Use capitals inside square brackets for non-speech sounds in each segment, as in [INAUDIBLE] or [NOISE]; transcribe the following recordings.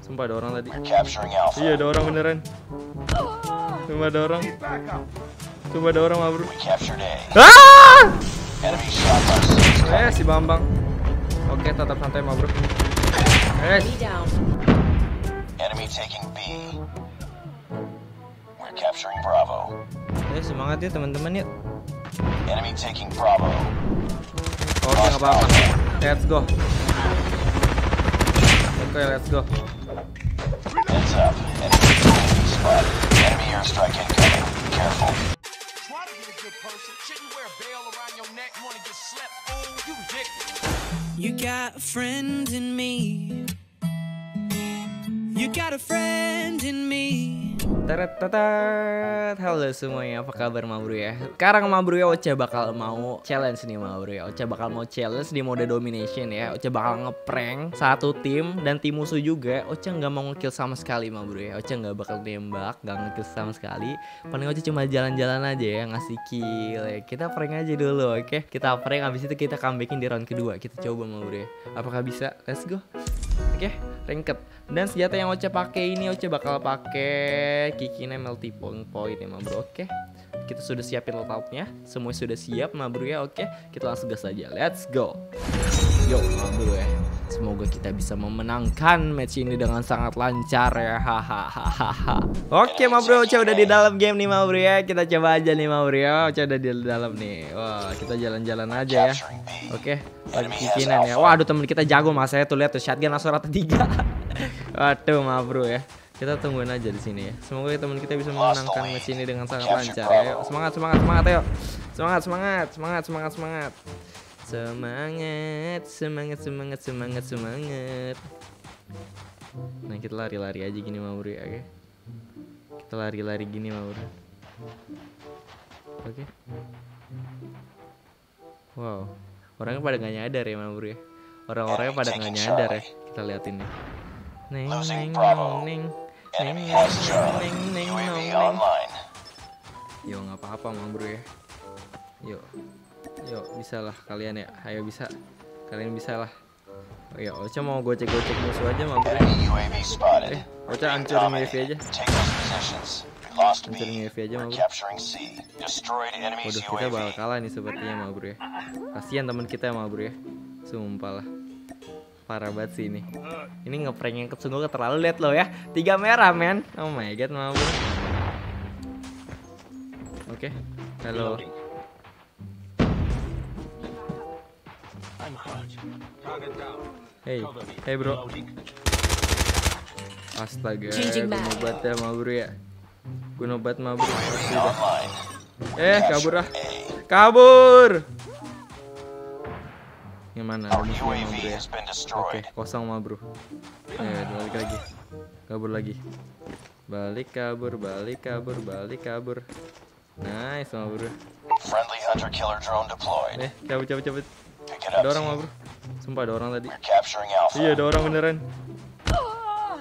Sumpah ada orang tadi. Iya ada orang beneran. Sumpah ada orang. Sumpah ada orang mah bro. Ah! Eh si Bambang. Oke tetap santai mah bro. Eh. Enemy taking eh, semangat ya teman-teman ya Enemy taking Oke nggak apa-apa. Let's go. Okay, let's go. Heads up. Enemy spotted. Enemy airstrike incoming. careful. Try to a good person. Shouldn't wear a around your neck. You wanna get slept? you You got a friend in me. You got a friend in me. Teret Halo semuanya, apa kabar Mabru ya? Sekarang Mabru ya Ocha bakal mau challenge nih Mabru ya. Ocha bakal mau challenge di mode domination ya. Ocha bakal ngeprank satu tim dan tim musuh juga. Ocha nggak mau ngekill sama sekali Mabru ya. Ocha nggak bakal nembak, nggak ngekill sama sekali. Paling Oce cuma jalan-jalan aja ya ngasih kill. Ya. Kita prank aja dulu, oke? Okay? Kita prank abis itu kita comebackin di round kedua. Kita coba Mabru ya. Apakah bisa? Let's go oke ringket dan senjata yang Oce pakai ini Oce bakal pakai kikine multi point emang ya, bro oke kita sudah siapin lautnya semua sudah siap ma bro ya oke kita langsung gas aja let's go yo ma bro ya Semoga kita bisa memenangkan match ini dengan sangat lancar ya. Hahaha. Oke, Ma Bro, Ocha udah di dalam game nih, Ma Bro ya. Kita coba aja nih, Ma Bro ya. Ocha udah di dalam nih. Wah, kita jalan-jalan aja ya. Oke, lagi bikinan ya. Wah, aduh teman kita jago Mas. Saya tuh lihat tuh shotgun langsung rata 3. [LAUGHS] Waduh, Ma Bro ya. Kita tungguin aja di sini ya. Semoga teman kita bisa memenangkan match ini dengan sangat lancar ya. semangat, semangat, semangat, ayo. Semangat, semangat, semangat, semangat, semangat. Semangat, semangat, semangat, semangat, semangat. Nah kita lari-lari aja gini Mauri, oke? Kita lari-lari gini mau Oke. Wow, orangnya pada nggak nyadar ya mau ya. Orang-orangnya pada nggak nyadar ya. Kita lihat ini Neng neng neng neng neng neng neng neng. Yo nggak apa-apa neng neng ya. Yo. Yuk, bisa lah kalian ya. Ayo bisa. Kalian bisa lah. Oh ya, Ocha mau gocek-gocek musuh aja mampir. Eh, Ocha hancur UAV aja. hancur UAV aja mampir. Waduh, kita bakal kalah nih sepertinya mampir ya. Kasihan teman kita ya mampir ya. Sumpah lah parah banget sih ini ini ngeprank yang sungguh terlalu liat lo ya tiga merah men oh my god mau oke okay. halo Hey, hey bro. Astaga, gue nobat ya mau bro ya. Gue nobat mau bro. Eh, kabur lah. Kabur. Yang mana? ya. Oke, kosong mau bro. Eh, balik lagi. Kabur lagi. Balik kabur, balik kabur, balik kabur. Nice, mau bro. Eh, cabut cabut cabut. Ada orang mah bro. Sumpah ada orang tadi. Iya ada orang beneran.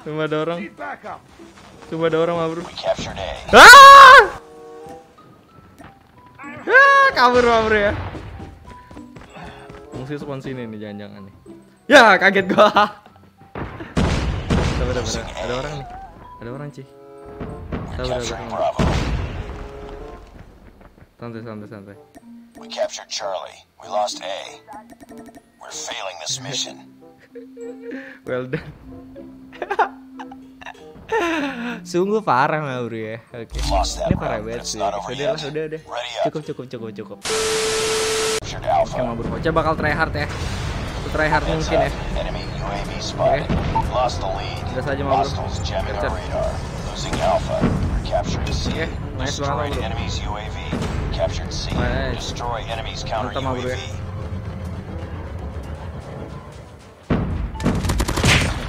Sumpah ada orang. Sumpah ada orang mah bro. Ah! ah! kabur mah bro ya. Mesti spawn sini nih jangan-jangan nih. Ya kaget gua. Sabar, Ada orang nih. Ada orang cih. Sabar, sabar. Santai, santai, santai. We captured Charlie. We lost A. We're failing this mission. well done. Sungguh parah nggak bro ya. Oke. Okay. Ini parah banget sih. Sudah, lah, sudah, udah. Cukup cukup cukup cukup. Sama bro. Coba bakal try hard ya. Try hard mungkin ya. Oke. Okay. Udah saja mau bro. Oke. Okay. Nice banget bro. है खत्म हो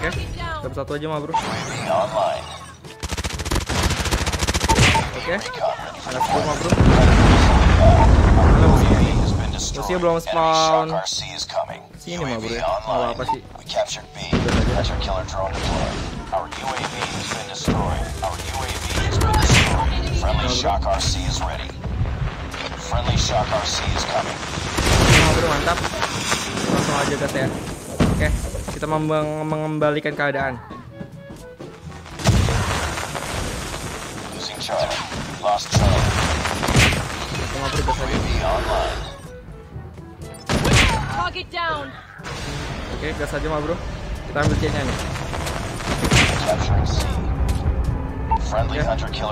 oke okay. satu aja mah bro oke okay. ada sepuluh mah bro Rusia belum spawn sini mah bro ya mau apa sih Our UAV Oke, mantap. Langsung aja gas ya. Oke, kita mengembalikan keadaan. Oke, gas aja mah bro. Kita ambil c nih. Oke,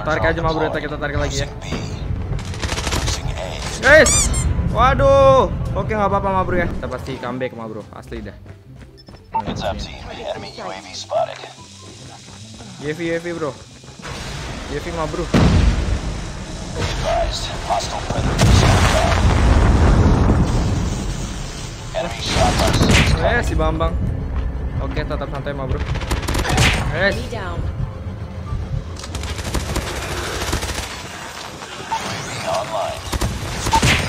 tarik aja mah bro, kita tarik lagi ya. Eh, Waduh. Oke nggak apa-apa ma bro ya. Kita pasti comeback ma bro. Asli dah. Yevi Yevi bro. Yevi ma bro. Eh si Bambang. Oke tetap santai ma bro. Eh.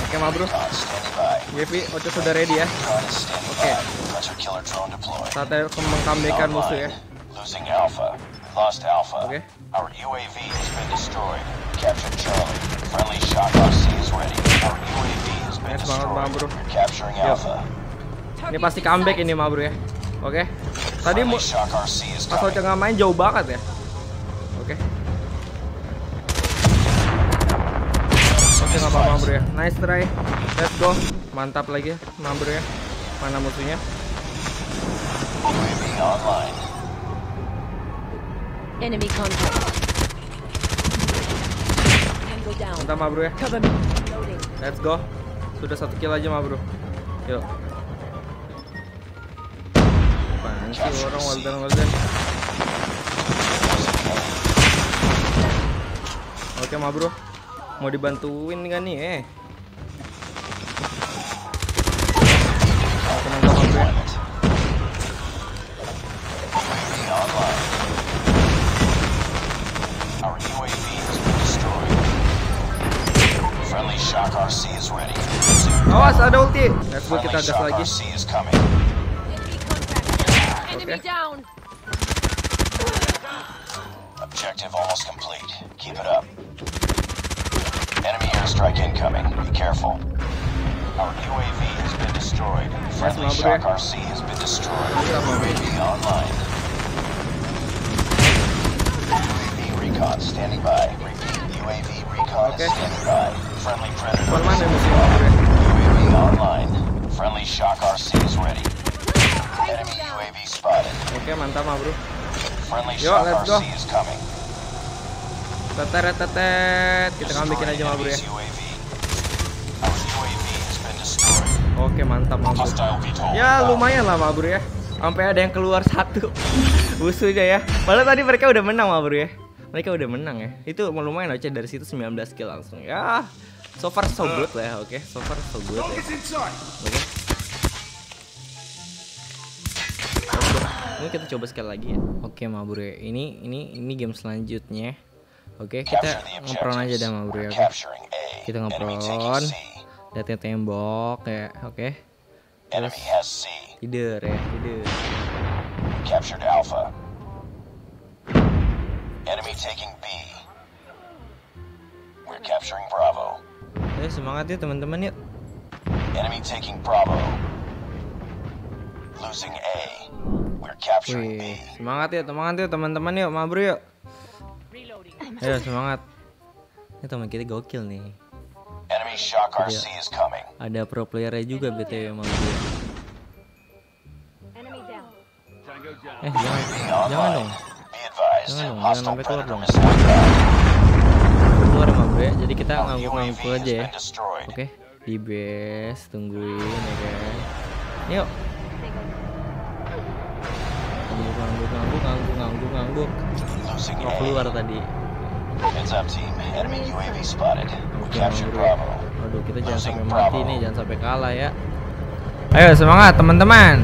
Oke, okay, Mabro. Yepi, Ocho sudah ready ya. Oke. Okay. Saatnya mengkambekan musuh ya. Oke. Okay. Nice banget, Mabro. Ini pasti comeback ini, Mabro ya. Oke. Okay. Tadi pas Ocho nggak main jauh banget ya. apa-apa bro ya nice try let's go mantap lagi ya bro ya mana musuhnya Enemy contact. Mantap ma bro ya. Let's go. Sudah satu kill aja ma bro. Yuk. Apaan sih orang Walden Walden. Oke okay, ma bro. Mau dibantuin kan nih eh. Awas ada ulti. Let's go kita gas lagi. Oke. Okay. Objective almost complete. Keep it up. strike incoming. Be careful. Our UAV has been destroyed. Friendly Shock RC has been destroyed. UAV online. UAV recon standing by. UAV recon okay. is standing by. Friendly Predator is UAV online. Friendly Shock RC is ready. Enemy UAV spotted. Okay, mantap, bro. Friendly Yo, Shock RC go. is coming. Tetet tetet. Kita kan bikin aja mabur ya. Oke mantap mabur. Ya lumayan lah mabur ya. Sampai ada yang keluar satu. [LAUGHS] Busunya ya. Padahal tadi mereka udah menang mabur ya. Mereka udah menang ya. Itu lumayan aja dari situ 19 kill langsung. Ya. So far so good lah ya. Oke. So far so good ya. Oke. Ini kita coba sekali lagi ya. Oke, okay, Mabur ya. Ini ini ini game selanjutnya. Oke, okay, kita ngepron aja deh sama bro ya. Kita ngepron. Datang tembok ya, oke. Okay. Terus tidur ya, tidur. Captured Alpha. Enemy taking B. We're capturing Bravo. Ya, semangat ya teman-teman yuk. Enemy taking Bravo. Losing A. We're capturing Wih, B. Semangat ya, semangat ya teman-teman yuk, mabru yuk. Ayo iya, semangat. Ini teman kita gokil nih. Enemy shock RC is coming. Ada pro player juga BTW mau dia. Eh jangan jangan dong. Jangan dong, jangan sampai keluar dong. Keluar sama gue, jadi kita ngangguk-ngangguk aja ya. Oke, di base tungguin ya guys. Kan. Yuk. Ngangguk, ngangguk, ngangguk, ngangguk, ngangguk. Mau keluar tadi. Heads up team, enemy UAV spotted. We captured Bravo. Aduh, kita jangan sampai mati nih, jangan sampai kalah ya. Ayo semangat teman-teman.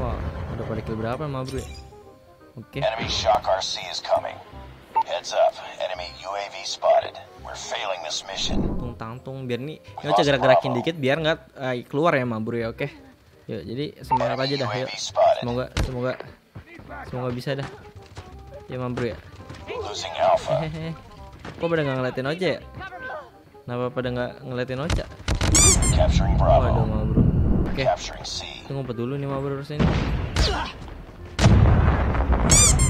Wah, udah pada kill berapa mah, Bro? Oke. Enemy shock RC is coming. Heads up, enemy UAV spotted. We're failing this mission. Tung tang tung, biar nih, yuk coba gerak-gerakin dikit biar nggak uh, keluar ya, Mabru ya, oke. Okay? Yuk, jadi semangat aja dah, yuk. Semoga semoga semoga bisa dah. Ya, Mabru ya. [LAUGHS] Kok pada nggak ngeliatin Oce ya? Kenapa pada nggak ngeliatin Oce? Waduh mau bro. Oke, okay. itu dulu nih mau bro harusnya.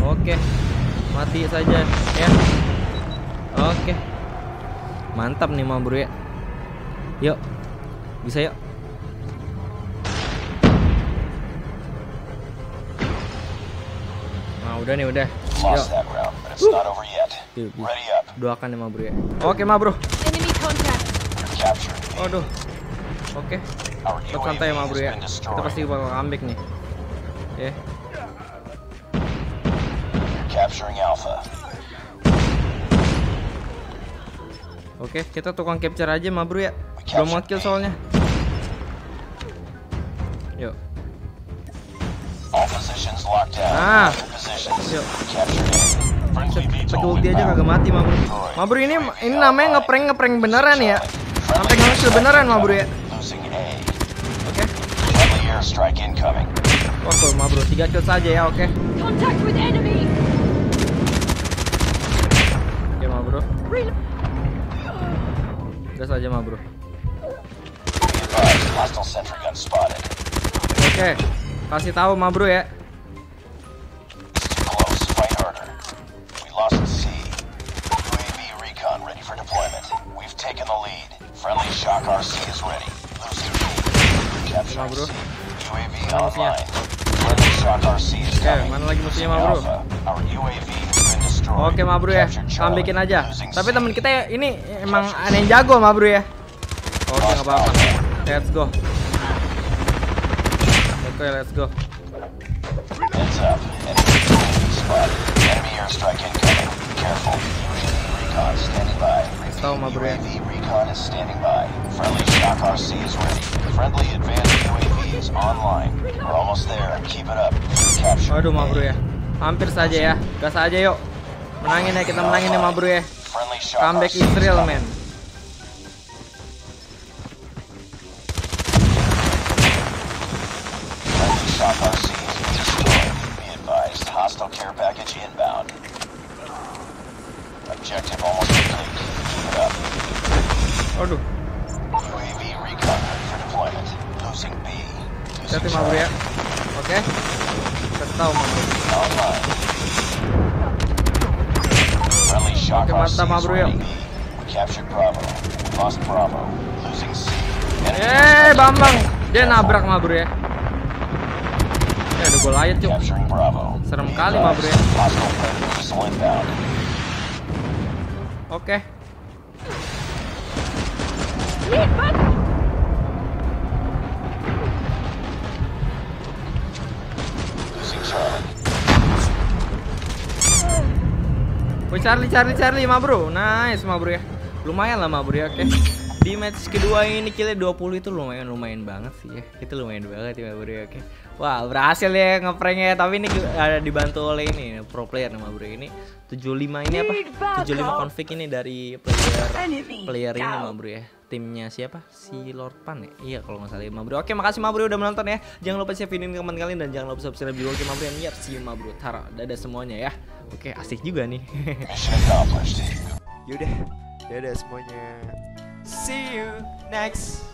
Oke, mati saja ya. Oke, mantap nih mau bro ya. Yuk, bisa yuk. Nah udah nih udah. Doakan ya, ma bro ya. Oke, okay, ma bro. Waduh. Oke. Okay. santai ya, ma bro ya. Kita pasti bakal ngambek nih. Oke. Oke, okay, kita tukang capture aja ma bro ya. Belum mau kill soalnya. Yuk. Nah, Pakai ulti aja kagak mati Mabru. Mabru ini ini namanya ngeprank ngeprank beneran ya. Sampai ngangsil beneran Mabru ya. Oke. Okay. Oh tuh Mabru tiga kill saja ya, oke. Okay. Oke okay, Mabru. Gas aja Mabru. Oke. Okay. Kasih tahu Mabru ya. Friendly shock RC is ready. bro. Eh, mana lagi musuhnya ma bro? Oke ma bro ya, ambilin aja. Tapi teman kita ini emang aneh jago ma bro ya. Oke nggak apa-apa. Let's go. Oke let's go. Heads tahu mah bro ya. Aduh mah bro ya. Hampir saja ya. Gas aja yuk. Menangin ya kita menangin ya mah bro ya. Comeback Israel man. bro yuk. Ya. Eh, Bambang. Dia nabrak mah bro ya. Eh, udah gue layat cuy. Serem kali mah bro ya. Oke. Okay. Oh Charlie Charlie Charlie ma bro Nice ma bro ya Lumayan lah ma bro ya Oke Di match kedua ini killnya 20 itu lumayan lumayan banget sih ya Itu lumayan banget ya ma bro ya Oke Wah berhasil ya ngeprengnya Tapi ini ada dibantu oleh ini Pro player ma bro ya. ini 75 ini apa 75 konflik ini dari player Player ini ma bro ya timnya siapa? Si Lord Pan ya? Iya kalau nggak salah ya Mabro. Oke makasih Mabro udah menonton ya. Jangan lupa share video ini ke teman kalian dan jangan lupa subscribe juga ke Mabro. yang see si Mabro. Tara, dadah semuanya ya. Oke asik juga nih. [LAUGHS] Yaudah, dadah semuanya. See you next.